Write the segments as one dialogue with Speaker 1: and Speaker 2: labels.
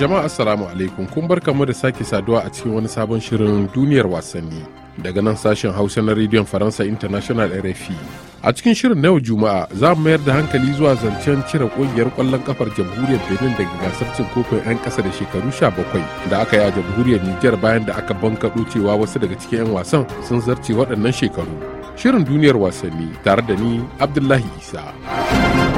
Speaker 1: Jama'a Assalamu alaikum kun barka mu da sake saduwa a cikin wani sabon shirin duniyar wasanni daga nan sashen Hausa na rediyon Faransa International RFI. A cikin shirin na yau Juma'a za mu mayar da hankali zuwa zancen cire ƙungiyar kwallon kafar jamhuriyar Benin daga gasar cin kofin 'yan ƙasa da shekaru sha bakwai da aka yi a jamhuriyar Nijar bayan da aka bankaɗo cewa wasu daga cikin 'yan wasan sun zarce waɗannan shekaru. Shirin duniyar wasanni tare da ni Abdullahi Isa.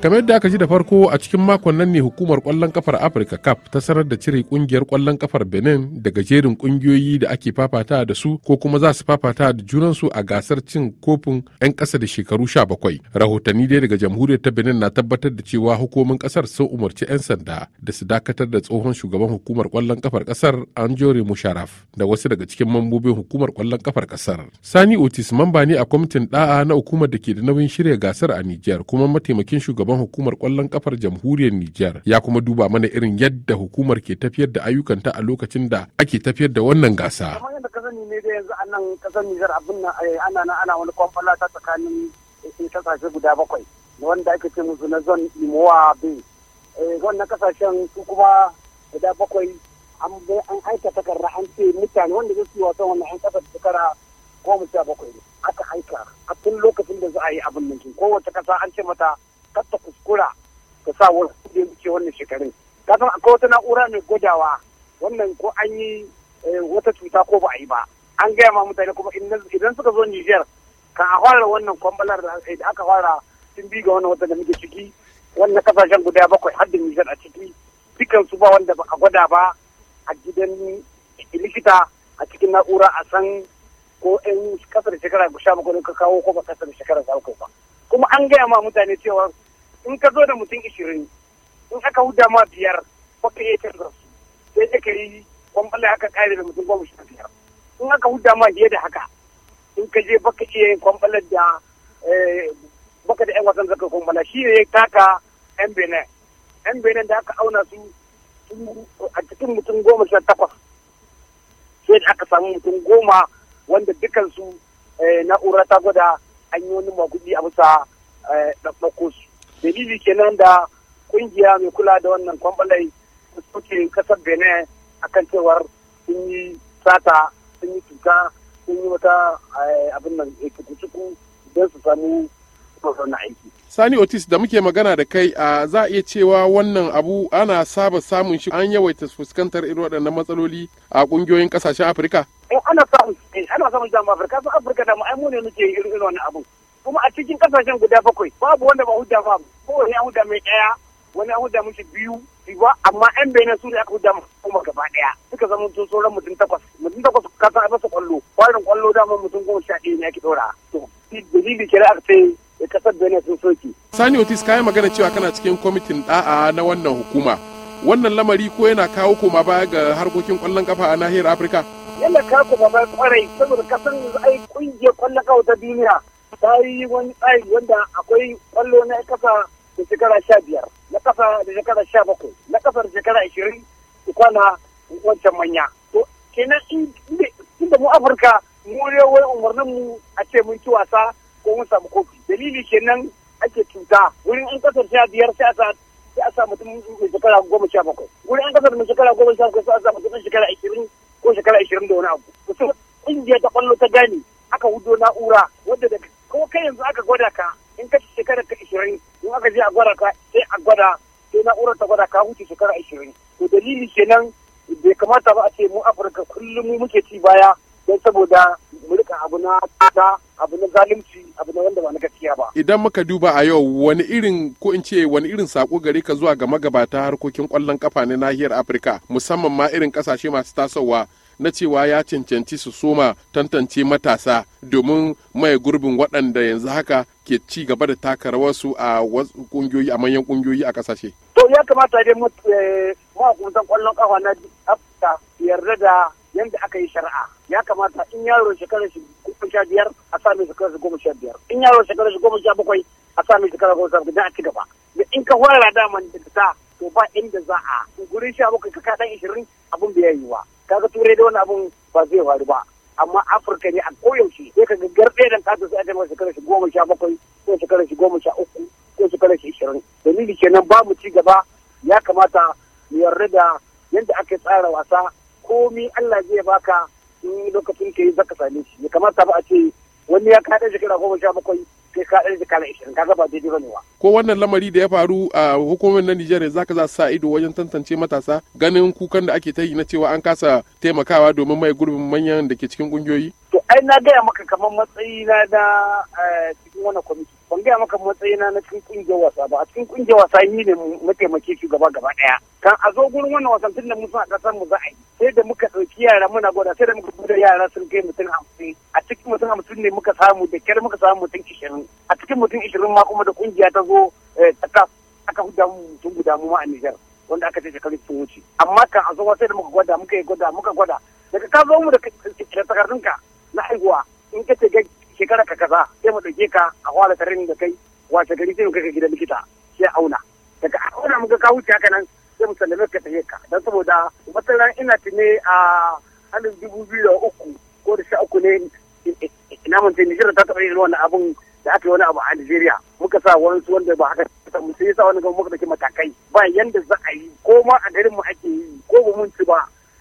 Speaker 1: kamar da aka ji da farko a cikin makon nan ne hukumar kwallon kafar afirka cup ta sanar da cire kungiyar kwallon kafar benin daga jerin kungiyoyi da ake fafata da su ko kuma za su fafata da junansu a gasar cin kofin 'yan kasa da shekaru 17 rahotanni dai daga jamhuriyar ta benin na tabbatar da cewa hukumin ƙasar sun umarci 'yan sanda da su dakatar da tsohon shugaban hukumar kwallon kafar ƙasar anjore musharraf da wasu daga cikin mambobin hukumar kwallon kafar ƙasar sani otis mamba ne a kwamitin da'a na hukumar da ke da nauyin shirya gasar a nijar kuma mataimakin shugaban shugaban hukumar kwallon kafar jamhuriyar Nijar ya kuma duba mana irin yadda hukumar ke tafiyar da ayyukanta a lokacin da ake tafiyar da wannan gasa.
Speaker 2: sani ne da yanzu a nan kasar Nijar abin nan eh, ana nan ana wani kwamfala ta tsakanin eh, kasashe guda bakwai wanda ake ce musu na zon Imowa Bay. Eh, wannan kasashen su kuma guda bakwai an an aika takarda an ce mutane wanda zai yi wasan wannan 'yan kasar shekara goma sha bakwai aka aika a tun lokacin da za a yi abin nan kowace kasa an ce mata kar ta kuskura ka sa wasu kudin wuce wannan shekarun ka san akwai wata na'ura mai gwadawa wannan ko an yi eh, wata cuta ko ba a yi ba an gaya ma mutane kuma idan suka zo Nijar Ka a fara wannan kwambalar da aka fara sun bi ga wannan wata da muke ciki wannan kasashen guda bakwai har da Nijar a ciki dukan su ba wanda ba a gwada ba a gidan likita a cikin na'ura a san ko 'yan kasar shekara sha bakwai ka kawo ko ba kasar shekara sha bakwai ba. kuma an gaya ma mutane cewa in ka zo da mutum ishirin in aka huda ma biyar ka iya canza su sai dai ka yi kwamfala aka kare da mutum goma sha biyar in aka huda ma biyar da haka in ka je baka iya yin kwamfalar da eh, baka da yan wasan zaka kwamfala shi ne ya taka yan benin yan benin da aka auna su a cikin mutum goma sha takwas sai da aka samu mutum goma wanda dukansu eh, na'ura ta gwada an yi wani maguɗi a bisa eh, ɗaɗɗako su dalili kenan da ƙungiya mai kula da wannan kwambalai suke kasar benin akan cewar sun yi sata sun yi cuta sun yi wata eh, abin nan cuku eh, don su samu na aiki
Speaker 1: Sani Otis da muke magana da kai a za a iya cewa wannan abu ana saba samun shi an yawaita fuskantar irin waɗannan matsaloli a ƙungiyoyin ƙasashen Afirka. Eh, ana
Speaker 2: samun eh, ana samun jami'a Afirka sun Afirka da mu ne muke irin wannan abu. Kuma a cikin ƙasashen guda bakwai babu wanda ba hujja ba ko wani an hujja mai ɗaya wani an hujja mishi biyu ba amma yan benin su ne aka hujja kuma gaba ɗaya suka zama tun sauran mutum takwas mutum takwas ka san a masa ƙwallo kwarin ƙwallo dama mutum goma sha ɗaya ne ake ɗora to dalili kira aka ce kasar da sun soke
Speaker 1: sani otis yi magana cewa kana cikin kwamitin da'a na wannan hukuma wannan lamari ko yana kawo koma baya ga harkokin kwallon kafa a nahiyar afirka
Speaker 2: yana kawo koma baya kwarai saboda kasan yanzu ai kungiyar kwallon kafa ta duniya ta yi wani tsari wanda akwai kwallo na kasa da shekara sha biyar na kasa da shekara sha bakwai na kasa da shekara ashirin da kwana wancan manya to kenan inda mu afirka mu ne wai umarnin mu a ce mun ci wasa ko mun samu kofi dalili kenan ake cuta wurin an kasar sha biyar sai a sa sai a sa mutum mai shekara goma sha bakwai wurin an kasar mai shekara goma sha bakwai sai a sa mutum mai shekara ashirin ko shekara ashirin da wani abu mutum ƙungiya ta kwallo ta gane aka hudo na'ura wadda da ko kai yanzu aka gwada ka in ka shekara ka ashirin in aka je a gwada ka sai a gwada sai na'urar ta gwada ka wuce shekara ashirin to dalili kenan bai kamata ba a ce mu afirka kullum mu muke ci baya don saboda mu rika abu na ta abu na zalunci abu na wanda ba na gaskiya ba idan
Speaker 1: muka duba a yau wani irin ko in ce wani irin sako gare ka zuwa ga magabata harkokin kwallon kafa na nahiyar Afirka musamman ma irin kasashe masu tasowa na cewa ya cancanci su soma tantance matasa domin mai gurbin waɗanda yanzu haka ke ci gaba da taka rawarsu a wasu kungiyoyi a manyan kungiyoyi a kasashe.
Speaker 2: To ya kamata dai eh, mahukuntan kwallon kafa na Afirka yarda da yadda aka yi shari'a ya kamata in yaro shekarar shi goma sha biyar a sa mai shekarar shi goma sha biyar in yaro shekarar shi goma sha bakwai a sa mai shekarar goma sha bakwai don a ci gaba da in ka horar da man da ta to ba inda za a guri sha bakwai ka kaɗan ishirin abin da ya yi wa kaga turai da wani abin ba zai faru ba amma afirka ne a koyaushe sai ka ga garɗe da kasu sai a ce masa shekarar shi goma sha bakwai ko shekarar shi goma sha uku ko shekarar shi ishirin dalili kenan ba mu ci gaba ya kamata mu yarda da yadda aka tsara wasa komi Allah zai baka in lokacin ka yi zaka same shi ya kamata ba a ce wani ya kada shekara goma sha bakwai sai ka ɗan jika na ishirin ka ba daidai bane wa.
Speaker 1: ko wannan lamari da ya faru a hukumar na Nijar za ka za sa ido wajen tantance matasa ganin kukan da ake ta yi na cewa an kasa taimakawa domin mai gurbin manyan da ke cikin kungiyoyi.
Speaker 2: to ai na gaya maka kamar matsayi na da eh, cikin wannan kwamiti ban gaya maka matsayi na na cikin kungiyar wasa ba a cikin kungiyar wasa yi ne mataimake shugaba gaba ɗaya. kan a zo gurin wannan wasan tun da mu a ƙasar mu za a yi sai da muka ɗauki yara muna gwada sai da muka gwada yara sun kai mutum hamsin a cikin mutum hamsin ne muka samu da kyar muka samu mutum ishirin a cikin mutum ishirin ma kuma da kungiya ta zo eh, ta aka fi damu mutum guda mu ma a Nijar wanda aka ce shekaru sun wuce amma kan a zo wata da muka gwada muka yi gwada muka gwada daga ka zo mu da takardunka na haihuwa in ka ce shekara ka kaza sai mu ɗauke ka a kwala tarin da kai wace gari sai mu kai ka gidan likita sai auna daga auna muka ka wuce haka nan sai mu sallame ka tafiye ka don saboda wata ina tuni a alif dubu biyu da uku ko da sha uku ne ina mun ce Nijar ta taɓa yin wannan abun da aka yi wani abu a Algeria muka sa wasu wanda ba haka mu sai sa wani muka dake matakai ba yanda za a yi ko ma a garin mu ake yi ko ba mun ci ba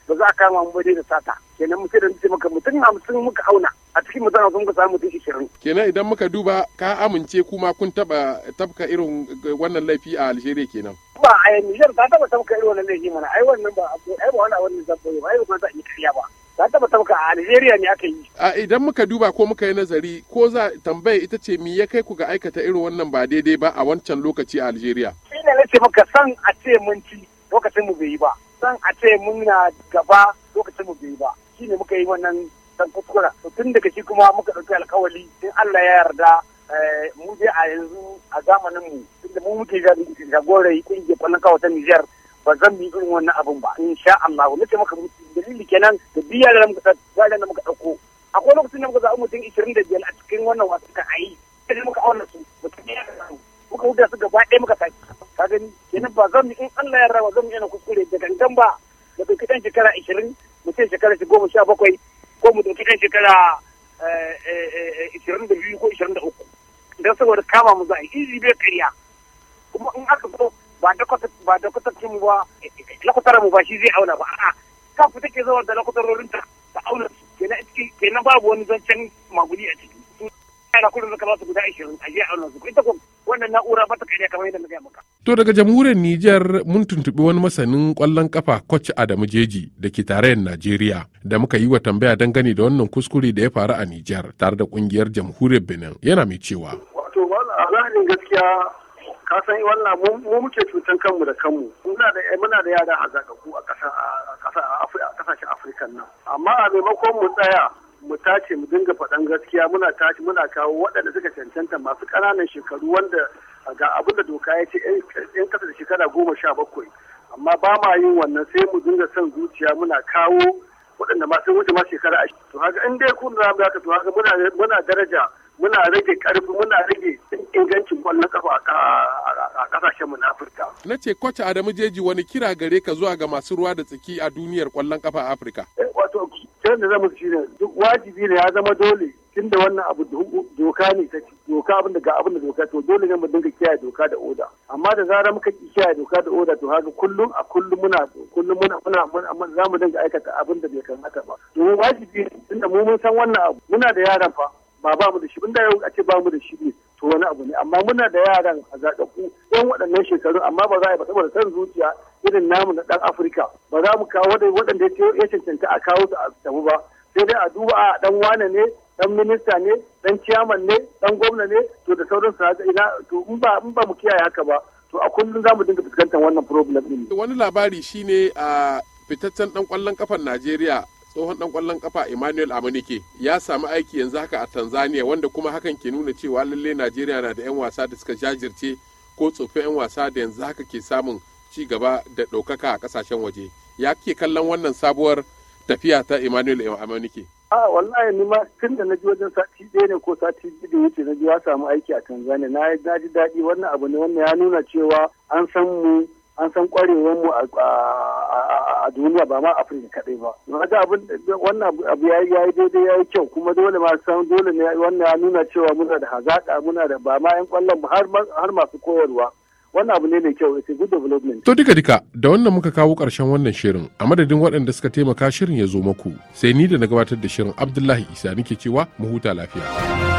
Speaker 2: ba za a kama mu da sata kenan muke da muke maka mutum hamsin muka auna a cikin mutum hamsin muka samu mutum ishirin.
Speaker 1: kenan idan muka duba ka amince kuma kun taba tabka irin wannan laifi a Algeria kenan.
Speaker 2: ba a yanzu ta taba tabka irin wannan laifi mana ai wannan ba ai ba wani abin da zan ba ai ba za a yi kariya ba. na ta tabka a Algeria ne
Speaker 1: aka yi. A idan muka duba ko muka yi nazari ko za tambaya ita ce me ya kai ku ga aikata irin wannan ba daidai ba a wancan lokaci a Algeria. Ina ne nace maka san a ce mun ci lokacin
Speaker 2: mu bai yi ba. San a ce mun na gaba lokacin mu bai yi ba. Shi ne muka yi wannan san kuskura. Tun daga shi kuma muka ɗauki alkawali in Allah ya yarda eh, mu je a yanzu a zamanin mu tunda mu muke jagorai kungiyar kwallon kawo ta Nijar ba zan bi irin wannan abun ba in sha Allah nace maka dalili kenan da biya da muka da muka dauko akwai lokacin da muka zaɓi mutum 25 a cikin wannan wasu ka ayi sai muka auna su mutum ya muka huda su gaba ɗaya muka saki ka gani kenan ba zan bi in Allah ya rawa zan yana kuskure da gangan ba da kai ɗan shekara 20 mutum shekara 17 ko mu ɗauki ɗan shekara 22 eh, eh, eh, ko 23 dan saboda kama mu za a yi izi bai karya kuma in aka zo ba dakwatarcin mu ba lakwatar mu ba shi zai auna ba a'a fita ke zuwa da lakwatarorin ta ta auna su kenan ciki kenan babu wani zancen maguli a ciki su yana kullum zaka su guda 20 a je auna su ita ko wannan na'ura ba ta kai kamar yadda na gaya maka.
Speaker 1: To daga jamhuriyar Nijar mun tuntubi wani masanin kwallon kafa Coach Adamu Jeji da ke tarayyar Najeriya da muka yi wa tambaya dangane da wannan kuskure da ya faru a Nijar tare da kungiyar jamhuriyar Benin yana mai cewa.
Speaker 2: Wato wani a gaskiya ka san wannan mu muke cutan kanmu da kanmu muna da eh, muna da yara hazakaku a ƙasar a ƙasashen Afirka nan amma a maimakon mu tsaya mu tace mu dinga faɗan gaskiya muna tace muna kawo waɗanda suka cancanta masu ƙananan shekaru wanda ga abin da doka ya ce 'yan ƙasa da shekara goma sha bakwai amma ba ma yin wannan sai mu dinga son zuciya muna kawo waɗanda ma sun wuce ma shekara a to haka in dai kun ramu haka to haka muna daraja muna rage ƙarfi muna rage ingancin ƙwallon kafa a a kasashenmu na Afirka.
Speaker 1: Na ce kwace Adamu Jeji wani kira gare ka zuwa ga masu ruwa da tsaki a duniyar kwallon kafa Afirka.
Speaker 2: Eh, wato, kiran da zamu shi ne duk wajibi ne ya zama dole tun da wannan abu doka ne ta doka abin da ga abin da doka to dole ne mu dinga kiyaye doka da oda amma da zarar muka kiyaye doka da oda to haka kullum a kullum muna kullum muna muna za mu dinga aikata abin da bai kamata ba domin wajibi tunda mu mun san wannan abu muna da yaran fa ba ba mu da shi da yau a ce ba mu da shi ne to wani abu ne amma muna da yaran a zaɗaku yan waɗannan shekarun amma ba za a yi ba saboda san zuciya irin namu na ɗan afirka ba za mu kawo waɗanda ya cancanta a kawo su a tabu ba sai dai a duba a ɗan wane ne ɗan minista ne ɗan ciyaman ne ɗan gwamna ne to da sauransu ina
Speaker 1: to in ba in ba mu kiyaye haka ba to a kullum za mu dinga fuskantar wannan problem ɗin. wani labari shine a fitaccen ɗan ƙwallon ƙafar najeriya tsohon dan kwallon kafa Emmanuel Amunike ya samu aiki yanzu haka a Tanzania wanda kuma hakan ke nuna cewa lalle Najeriya na da 'yan wasa da suka jajirce ko tsofin 'yan wasa da yanzu haka ke samun ci gaba da ɗaukaka a kasashen waje. Ya ke kallon wannan sabuwar tafiya ta Emmanuel Amunike? A
Speaker 2: wallahi ni ma tun da na ji wajen sati ɗaya ne ko sati biyu da wuce na ji ya samu aiki a Tanzania na ji daɗi wannan abu ne wannan ya nuna cewa an san mu an san ƙwarewar mu a a duniya ba ma afirka kaɗai ba ga abin wannan abu ya yi daidai ya kyau kuma dole ma san dole ne wannan ya nuna cewa muna da hazaka muna da ba ma 'yan kwallon har masu koyarwa wannan abu ne mai kyau it's a good development.
Speaker 1: To duka duka da wannan muka kawo karshen wannan shirin a madadin waɗanda suka taimaka shirin ya zo muku sai ni da na gabatar da shirin Abdullahi Isa nake cewa mu huta lafiya.